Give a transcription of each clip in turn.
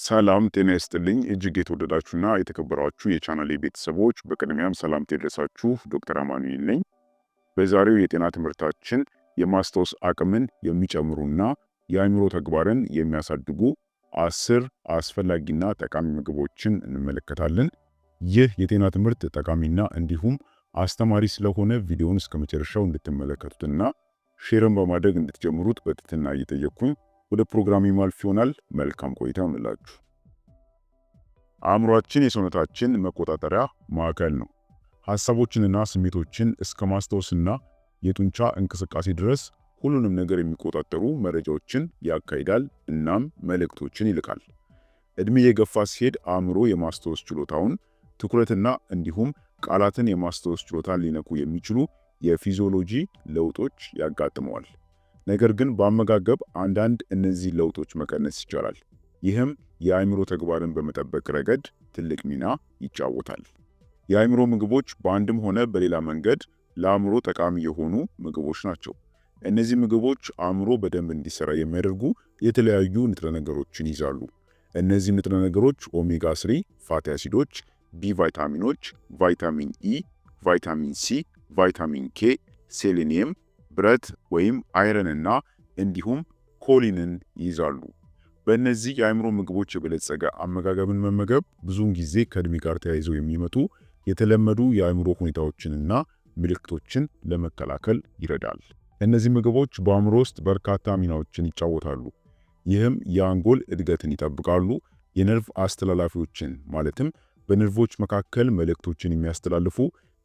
ሰላም ጤና ይስጥልኝ እጅግ የተወደዳችሁና የተከበራችሁ የቻናሌ ቤተሰቦች፣ በቅድሚያም ሰላም ተደረሳችሁ። ዶክተር አማኑኤል ነኝ። በዛሬው የጤና ትምህርታችን የማስታወስ አቅምን የሚጨምሩና የአእምሮ ተግባርን የሚያሳድጉ አስር አስፈላጊና ጠቃሚ ምግቦችን እንመለከታለን። ይህ የጤና ትምህርት ጠቃሚና እንዲሁም አስተማሪ ስለሆነ ቪዲዮውን እስከ መጨረሻው እንድትመለከቱትና ሼርን በማድረግ እንድትጀምሩት በትህትና እየጠየቅኩኝ ወደ ፕሮግራም ማልፍ ይሆናል። መልካም ቆይታ ይሆንላችሁ። አእምሯችን የሰውነታችን መቆጣጠሪያ ማዕከል ነው። ሐሳቦችንና ስሜቶችን እስከ ማስታወስና የጡንቻ እንቅስቃሴ ድረስ ሁሉንም ነገር የሚቆጣጠሩ መረጃዎችን ያካሂዳል፣ እናም መልእክቶችን ይልካል። እድሜ የገፋ ሲሄድ አእምሮ የማስታወስ ችሎታውን፣ ትኩረትና እንዲሁም ቃላትን የማስታወስ ችሎታን ሊነኩ የሚችሉ የፊዚዮሎጂ ለውጦች ያጋጥመዋል። ነገር ግን በአመጋገብ አንዳንድ እነዚህ ለውጦች መቀነስ ይቻላል። ይህም የአእምሮ ተግባርን በመጠበቅ ረገድ ትልቅ ሚና ይጫወታል። የአእምሮ ምግቦች በአንድም ሆነ በሌላ መንገድ ለአእምሮ ጠቃሚ የሆኑ ምግቦች ናቸው። እነዚህ ምግቦች አእምሮ በደንብ እንዲሰራ የሚያደርጉ የተለያዩ ንጥረ ነገሮችን ይዛሉ። እነዚህ ንጥረ ነገሮች ኦሜጋ ስሪ ፋቲ አሲዶች፣ ቢ ቫይታሚኖች፣ ቫይታሚን ኢ፣ ቫይታሚን ሲ፣ ቫይታሚን ኬ፣ ሴሌኒየም ብረት ወይም አይረንና እንዲሁም ኮሊንን ይይዛሉ። በእነዚህ የአእምሮ ምግቦች የበለጸገ አመጋገብን መመገብ ብዙውን ጊዜ ከእድሜ ጋር ተያይዘው የሚመጡ የተለመዱ የአእምሮ ሁኔታዎችንና ምልክቶችን ለመከላከል ይረዳል። እነዚህ ምግቦች በአእምሮ ውስጥ በርካታ ሚናዎችን ይጫወታሉ። ይህም የአንጎል እድገትን ይጠብቃሉ፣ የነርቭ አስተላላፊዎችን ማለትም በነርቮች መካከል መልእክቶችን የሚያስተላልፉ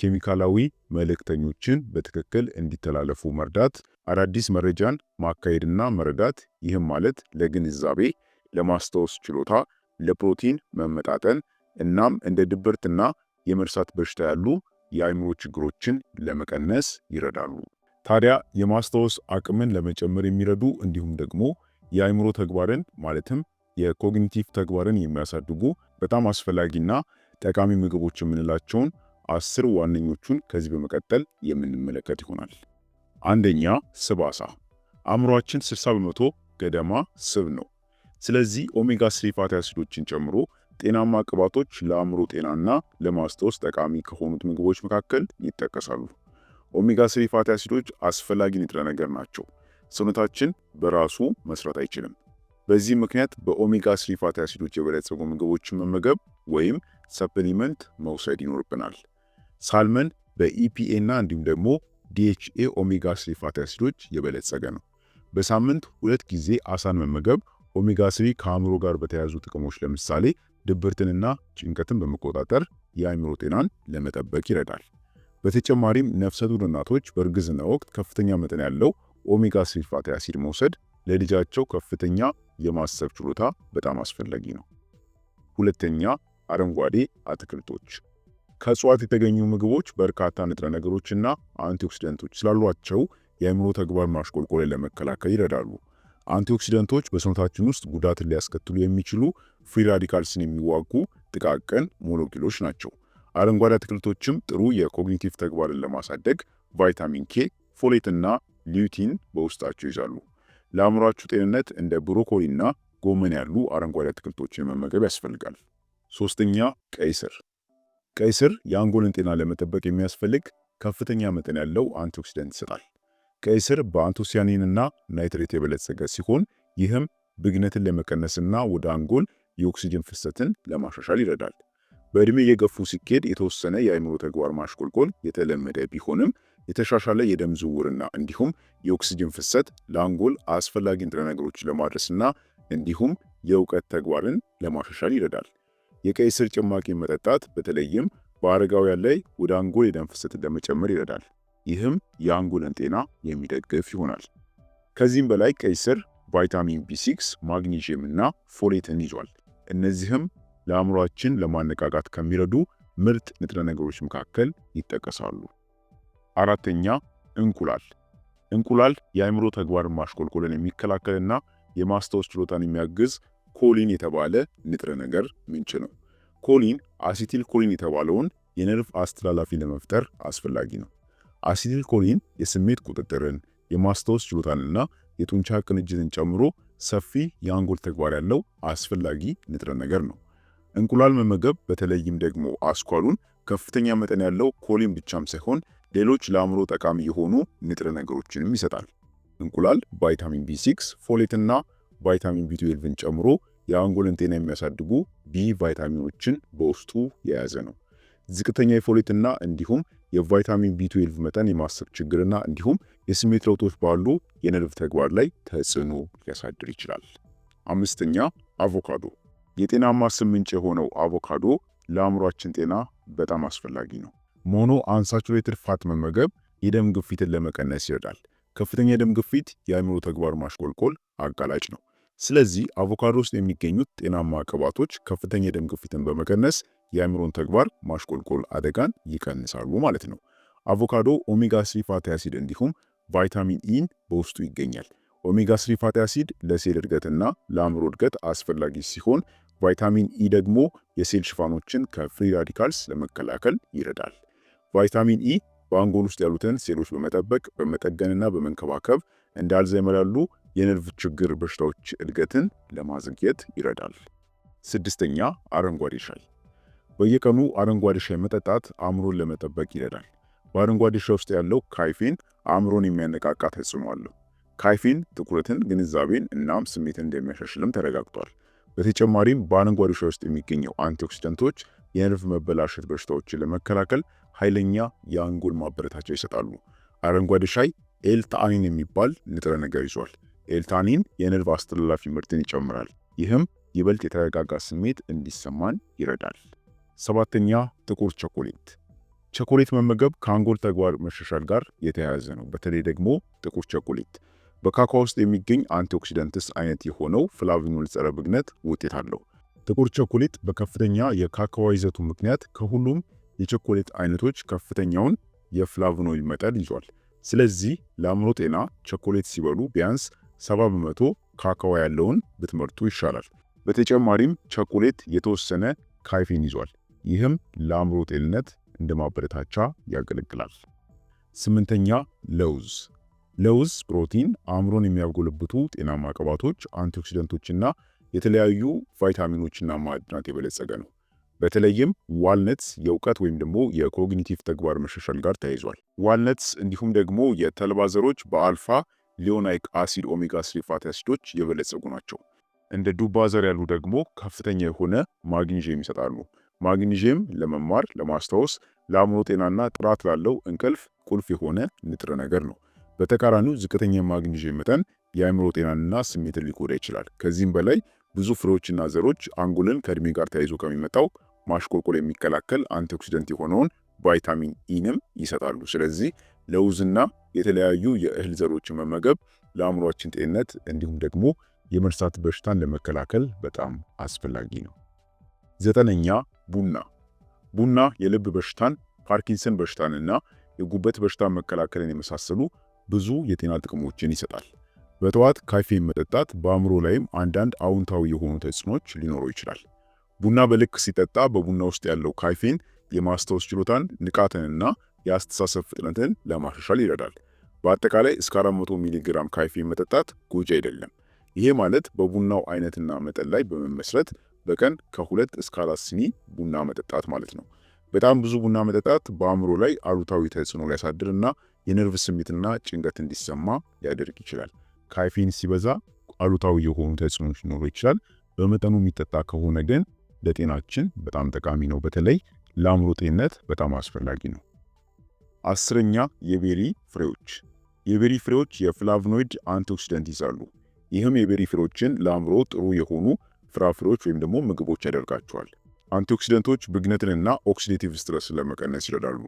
ኬሚካላዊ መልእክተኞችን በትክክል እንዲተላለፉ መርዳት፣ አዳዲስ መረጃን ማካሄድና መረዳት። ይህም ማለት ለግንዛቤ፣ ለማስታወስ ችሎታ፣ ለፕሮቲን መመጣጠን እናም እንደ ድብርትና የመርሳት በሽታ ያሉ የአእምሮ ችግሮችን ለመቀነስ ይረዳሉ። ታዲያ የማስታወስ አቅምን ለመጨመር የሚረዱ እንዲሁም ደግሞ የአእምሮ ተግባርን ማለትም የኮግኒቲቭ ተግባርን የሚያሳድጉ በጣም አስፈላጊና ጠቃሚ ምግቦች የምንላቸውን አስር ዋነኞቹን ከዚህ በመቀጠል የምንመለከት ይሆናል። አንደኛ ስብ አሳ። አእምሯችን 60 በመቶ ገደማ ስብ ነው። ስለዚህ ኦሜጋ 3 ፋቲ አሲዶችን ጨምሮ ጤናማ ቅባቶች ለአእምሮ ጤናና ለማስታወስ ጠቃሚ ከሆኑት ምግቦች መካከል ይጠቀሳሉ። ኦሜጋ 3 ፋቲ አሲዶች አስፈላጊ ንጥረ ነገር ናቸው። ሰውነታችን በራሱ መስራት አይችልም። በዚህ ምክንያት በኦሜጋ 3 ፋቲ አሲዶች የበለጸጉ ምግቦችን መመገብ ወይም ሰፕሊመንት መውሰድ ይኖርብናል። ሳልመን በኢፒኤ እና እንዲሁም ደግሞ ዲኤችኤ ኦሜጋ ስሪ ፋቲ አሲዶች የበለጸገ ነው። በሳምንት ሁለት ጊዜ አሳን መመገብ ኦሜጋ ስሪ ከአእምሮ ጋር በተያያዙ ጥቅሞች ለምሳሌ ድብርትንና ጭንቀትን በመቆጣጠር የአእምሮ ጤናን ለመጠበቅ ይረዳል። በተጨማሪም ነፍሰ ጡር እናቶች በእርግዝና ወቅት ከፍተኛ መጠን ያለው ኦሜጋ ስሪ ፋቲ አሲድ መውሰድ ለልጃቸው ከፍተኛ የማሰብ ችሎታ በጣም አስፈላጊ ነው። ሁለተኛ አረንጓዴ አትክልቶች ከእጽዋት የተገኙ ምግቦች በርካታ ንጥረ ነገሮችና አንቲኦክሲደንቶች ስላሏቸው የአእምሮ ተግባር ማሽቆልቆልን ለመከላከል ይረዳሉ። አንቲኦክሲደንቶች በሰውነታችን ውስጥ ጉዳትን ሊያስከትሉ የሚችሉ ፍሪ ራዲካልስን የሚዋጉ ጥቃቅን ሞለኪውሎች ናቸው። አረንጓዴ አትክልቶችም ጥሩ የኮግኒቲቭ ተግባርን ለማሳደግ ቫይታሚን ኬ፣ ፎሌትና ሊዩቲን በውስጣቸው ይዛሉ። ለአእምሯችሁ ጤንነት እንደ ብሮኮሊ ጎመን ያሉ አረንጓዴ አትክልቶችን መመገብ ያስፈልጋል። ሶስተኛ ቀይ ስር ቀይ ስር የአንጎልን ጤና ለመጠበቅ የሚያስፈልግ ከፍተኛ መጠን ያለው አንቲኦክሲደንት ይሰጣል። ቀይ ስር በአንቶሲያኒንና ናይትሬት የበለጸገ ሲሆን ይህም ብግነትን ለመቀነስና ወደ አንጎል የኦክሲጅን ፍሰትን ለማሻሻል ይረዳል። በዕድሜ የገፉ ሲኬድ የተወሰነ የአይምሮ ተግባር ማሽቆልቆል የተለመደ ቢሆንም የተሻሻለ የደም ዝውውርና እንዲሁም የኦክሲጅን ፍሰት ለአንጎል አስፈላጊ ንጥረ ነገሮች ለማድረስና እንዲሁም የእውቀት ተግባርን ለማሻሻል ይረዳል። የቀይ ስር ጭማቂ መጠጣት በተለይም በአረጋውያን ላይ ወደ አንጎል የደም ፍሰትን ለመጨመር ይረዳል። ይህም የአንጎልን ጤና የሚደግፍ ይሆናል። ከዚህም በላይ ቀይ ስር ቫይታሚን ቢ6፣ ማግኒዥየም እና ፎሌትን ይዟል። እነዚህም ለአእምሯችን ለማነቃቃት ከሚረዱ ምርጥ ንጥረ ነገሮች መካከል ይጠቀሳሉ። አራተኛ እንቁላል። እንቁላል የአእምሮ ተግባርን ማሽቆልቆልን የሚከላከልና የማስታወስ ችሎታን የሚያግዝ ኮሊን የተባለ ንጥረ ነገር ምንጭ ነው። ኮሊን አሲቲል ኮሊን የተባለውን የነርቭ አስተላላፊ ለመፍጠር አስፈላጊ ነው። አሲቲል ኮሊን የስሜት ቁጥጥርን፣ የማስታወስ ችሎታንና የጡንቻ ቅንጅትን ጨምሮ ሰፊ የአንጎል ተግባር ያለው አስፈላጊ ንጥረ ነገር ነው። እንቁላል መመገብ በተለይም ደግሞ አስኳሉን ከፍተኛ መጠን ያለው ኮሊን ብቻም ሳይሆን ሌሎች ለአእምሮ ጠቃሚ የሆኑ ንጥረ ነገሮችንም ይሰጣል። እንቁላል ቫይታሚን ቢ6፣ ፎሌትና ቫይታሚን ቢ12ን ጨምሮ የአንጎልን ጤና የሚያሳድጉ ቢ ቫይታሚኖችን በውስጡ የያዘ ነው። ዝቅተኛ የፎሌት እንዲሁም የቫይታሚን ቢ12 መጠን የማሰብ ችግርና እንዲሁም የስሜት ለውጦች ባሉ የነርቭ ተግባር ላይ ተጽዕኖ ሊያሳድር ይችላል። አምስተኛ አቮካዶ። የጤናማ ስብ ምንጭ የሆነው አቮካዶ ለአእምሯችን ጤና በጣም አስፈላጊ ነው። ሞኖ አንሳቹሬትድ ፋት መመገብ የደም ግፊትን ለመቀነስ ይረዳል። ከፍተኛ የደም ግፊት የአእምሮ ተግባር ማሽቆልቆል አጋላጭ ነው። ስለዚህ አቮካዶ ውስጥ የሚገኙት ጤናማ ቅባቶች ከፍተኛ የደም ግፊትን በመቀነስ የአእምሮን ተግባር ማሽቆልቆል አደጋን ይቀንሳሉ ማለት ነው። አቮካዶ ኦሜጋ ስሪ ፋቲ አሲድ እንዲሁም ቫይታሚን ኢን e በውስጡ ይገኛል። ኦሜጋ ስሪ ፋቲ አሲድ ለሴል እድገትና ለአእምሮ እድገት አስፈላጊ ሲሆን ቫይታሚን ኢ e ደግሞ የሴል ሽፋኖችን ከፍሪ ራዲካልስ ለመከላከል ይረዳል። ቫይታሚን ኢ e በአንጎል ውስጥ ያሉትን ሴሎች በመጠበቅ በመጠገንና በመንከባከብ እንደ አልዛይመር ያሉ የነርቭ ችግር በሽታዎች እድገትን ለማዘግየት ይረዳል። ስድስተኛ አረንጓዴ ሻይ። በየቀኑ አረንጓዴ ሻይ መጠጣት አእምሮን ለመጠበቅ ይረዳል። በአረንጓዴ ሻይ ውስጥ ያለው ካይፌን አእምሮን የሚያነቃቃ ተጽዕኖ አለው። ካይፌን ትኩረትን፣ ግንዛቤን እናም ስሜትን እንደሚያሻሽልም ተረጋግጧል። በተጨማሪም በአረንጓዴ ሻይ ውስጥ የሚገኘው አንቲኦክሲደንቶች የነርቭ መበላሸት በሽታዎችን ለመከላከል ኃይለኛ የአንጎል ማበረታቻ ይሰጣሉ። አረንጓዴ ሻይ ኤል የሚባል ንጥረ ነገር ይዟል። ኤልታኒን የነርቭ አስተላላፊ ምርትን ይጨምራል። ይህም ይበልጥ የተረጋጋ ስሜት እንዲሰማን ይረዳል። ሰባተኛ ጥቁር ቸኮሌት። ቸኮሌት መመገብ ከአንጎል ተግባር መሻሻል ጋር የተያያዘ ነው። በተለይ ደግሞ ጥቁር ቸኮሌት በካካ ውስጥ የሚገኝ አንቲኦክሲዳንትስ አይነት የሆነው ፍላቪኖል ጸረ ብግነት ውጤት አለው። ጥቁር ቸኮሌት በከፍተኛ የካካዋ ይዘቱ ምክንያት ከሁሉም የቸኮሌት አይነቶች ከፍተኛውን የፍላቪኖል መጠን ይዟል። ስለዚህ ለአእምሮ ጤና ቸኮሌት ሲበሉ ቢያንስ 70 በመቶ ካካዋ ያለውን ብትመርጡ ይሻላል። በተጨማሪም ቸኮሌት የተወሰነ ካይፌን ይዟል። ይህም ለአእምሮ ጤንነት እንደ ማበረታቻ ያገለግላል። ስምንተኛ ለውዝ። ለውዝ ፕሮቲን፣ አእምሮን የሚያጎለብቱ ጤናማ ቅባቶች፣ አንቲኦክሲደንቶችና የተለያዩ ቫይታሚኖችና ማዕድናት የበለጸገ ነው። በተለይም ዋልነትስ የእውቀት ወይም ደግሞ የኮግኒቲቭ ተግባር መሻሻል ጋር ተያይዟል። ዋልነትስ እንዲሁም ደግሞ የተልባ ዘሮች በአልፋ ሊዮናይክ አሲድ፣ ኦሜጋ ስሪ ፋቲ አሲዶች የበለጸጉ ናቸው። እንደ ዱባ ዘር ያሉ ደግሞ ከፍተኛ የሆነ ማግኒዥየም ይሰጣሉ። ማግኒዥየም ለመማር፣ ለማስታወስ፣ ለአእምሮ ጤናና ጥራት ላለው እንቅልፍ ቁልፍ የሆነ ንጥረ ነገር ነው። በተቃራኒው ዝቅተኛ ማግኒዥየም መጠን የአእምሮ ጤናንና ስሜትን ሊጎዳ ይችላል። ከዚህም በላይ ብዙ ፍሬዎችና ዘሮች አንጎልን ከእድሜ ጋር ተያይዞ ከሚመጣው ማሽቆልቆል የሚከላከል አንቲኦክሲደንት የሆነውን ቫይታሚን ኢንም ይሰጣሉ። ስለዚህ ለውዝና የተለያዩ የእህል ዘሮችን መመገብ ለአእምሯችን ጤንነት እንዲሁም ደግሞ የመርሳት በሽታን ለመከላከል በጣም አስፈላጊ ነው። ዘጠነኛ ቡና። ቡና የልብ በሽታን፣ ፓርኪንሰን በሽታንና የጉበት በሽታን መከላከልን የመሳሰሉ ብዙ የጤና ጥቅሞችን ይሰጣል። በጠዋት ካፌን መጠጣት በአእምሮ ላይም አንዳንድ አውንታዊ የሆኑ ተጽዕኖች ሊኖሩ ይችላል። ቡና በልክ ሲጠጣ በቡና ውስጥ ያለው ካፌን የማስታወስ ችሎታን፣ ንቃትንና የአስተሳሰብ ፍጥነትን ለማሻሻል ይረዳል። በአጠቃላይ እስከ 400 ሚሊ ግራም ካይፊ መጠጣት ጎጂ አይደለም። ይሄ ማለት በቡናው አይነትና መጠን ላይ በመመስረት በቀን ከሁለት እስከ አራት ስኒ ቡና መጠጣት ማለት ነው። በጣም ብዙ ቡና መጠጣት በአእምሮ ላይ አሉታዊ ተጽዕኖ ሊያሳድር እና የነርቭ ስሜትና ጭንቀት እንዲሰማ ሊያደርግ ይችላል። ካፌን ሲበዛ አሉታዊ የሆኑ ተጽዕኖች ሊኖሩ ይችላል። በመጠኑ የሚጠጣ ከሆነ ግን ለጤናችን በጣም ጠቃሚ ነው። በተለይ ለአእምሮ ጤንነት በጣም አስፈላጊ ነው። አስረኛ የቤሪ ፍሬዎች የቤሪ ፍሬዎች የፍላቭኖይድ አንቲኦክሲደንት ይዛሉ። ይህም የቤሪ ፍሬዎችን ለአእምሮ ጥሩ የሆኑ ፍራፍሬዎች ወይም ደግሞ ምግቦች ያደርጋቸዋል። አንቲኦክሲደንቶች ብግነትንና ኦክሲዴቲቭ ስትረስን ለመቀነስ ይረዳሉ።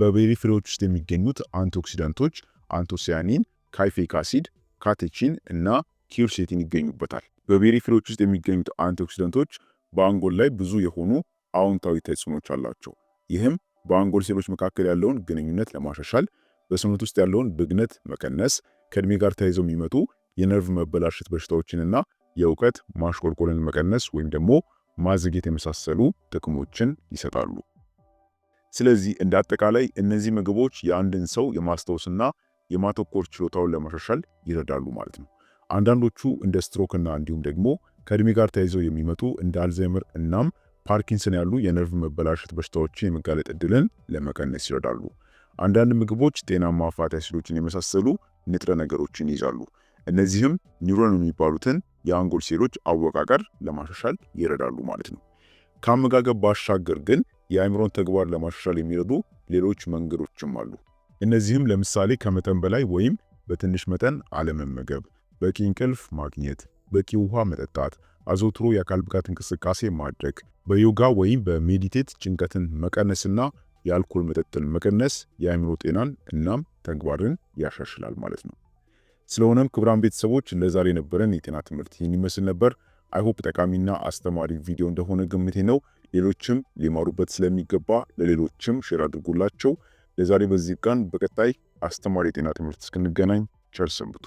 በቤሪ ፍሬዎች ውስጥ የሚገኙት አንቲኦክሲዳንቶች አንቶሲያኒን፣ ካይፌክ አሲድ፣ ካቴቺን እና ኪርሴቲን ይገኙበታል። በቤሪ ፍሬዎች ውስጥ የሚገኙት አንቲኦክሲዳንቶች በአንጎል ላይ ብዙ የሆኑ አዎንታዊ ተጽዕኖች አላቸው። ይህም በአንጎል ሴሎች መካከል ያለውን ግንኙነት ለማሻሻል በሰውነት ውስጥ ያለውን ብግነት መቀነስ፣ ከእድሜ ጋር ተያይዘው የሚመጡ የነርቭ መበላሸት በሽታዎችንና የእውቀት ማሽቆልቆልን መቀነስ ወይም ደግሞ ማዘግየት የመሳሰሉ ጥቅሞችን ይሰጣሉ። ስለዚህ እንደ አጠቃላይ እነዚህ ምግቦች የአንድን ሰው የማስታወስና የማተኮር ችሎታውን ለማሻሻል ይረዳሉ ማለት ነው። አንዳንዶቹ እንደ ስትሮክና እንዲሁም ደግሞ ከእድሜ ጋር ተያይዘው የሚመጡ እንደ አልዛይመር እናም ፓርኪንሰን ያሉ የነርቭ መበላሸት በሽታዎችን የመጋለጥ እድልን ለመቀነስ ይረዳሉ። አንዳንድ ምግቦች ጤናማ ፋቲ አሲዶችን የመሳሰሉ ንጥረ ነገሮችን ይይዛሉ። እነዚህም ኒውሮን የሚባሉትን የአንጎል ሴሎች አወቃቀር ለማሻሻል ይረዳሉ ማለት ነው። ከአመጋገብ ባሻገር ግን የአእምሮን ተግባር ለማሻሻል የሚረዱ ሌሎች መንገዶችም አሉ። እነዚህም ለምሳሌ ከመጠን በላይ ወይም በትንሽ መጠን አለመመገብ፣ በቂ እንቅልፍ ማግኘት፣ በቂ ውሃ መጠጣት፣ አዘውትሮ የአካል ብቃት እንቅስቃሴ ማድረግ፣ በዮጋ ወይም በሜዲቴት ጭንቀትን መቀነስና የአልኮል መጠጥን መቀነስ የአእምሮ ጤናን እናም ተግባርን ያሻሽላል ማለት ነው። ስለሆነም ክቡራን ቤተሰቦች ለዛሬ የነበረን የጤና ትምህርት ይህን ይመስል ነበር። አይሆፕ ጠቃሚና አስተማሪ ቪዲዮ እንደሆነ ግምቴ ነው። ሌሎችም ሊማሩበት ስለሚገባ ለሌሎችም ሼር አድርጉላቸው። ለዛሬ በዚህ ቀን በቀጣይ አስተማሪ የጤና ትምህርት እስክንገናኝ ቸር ሰንብቱ።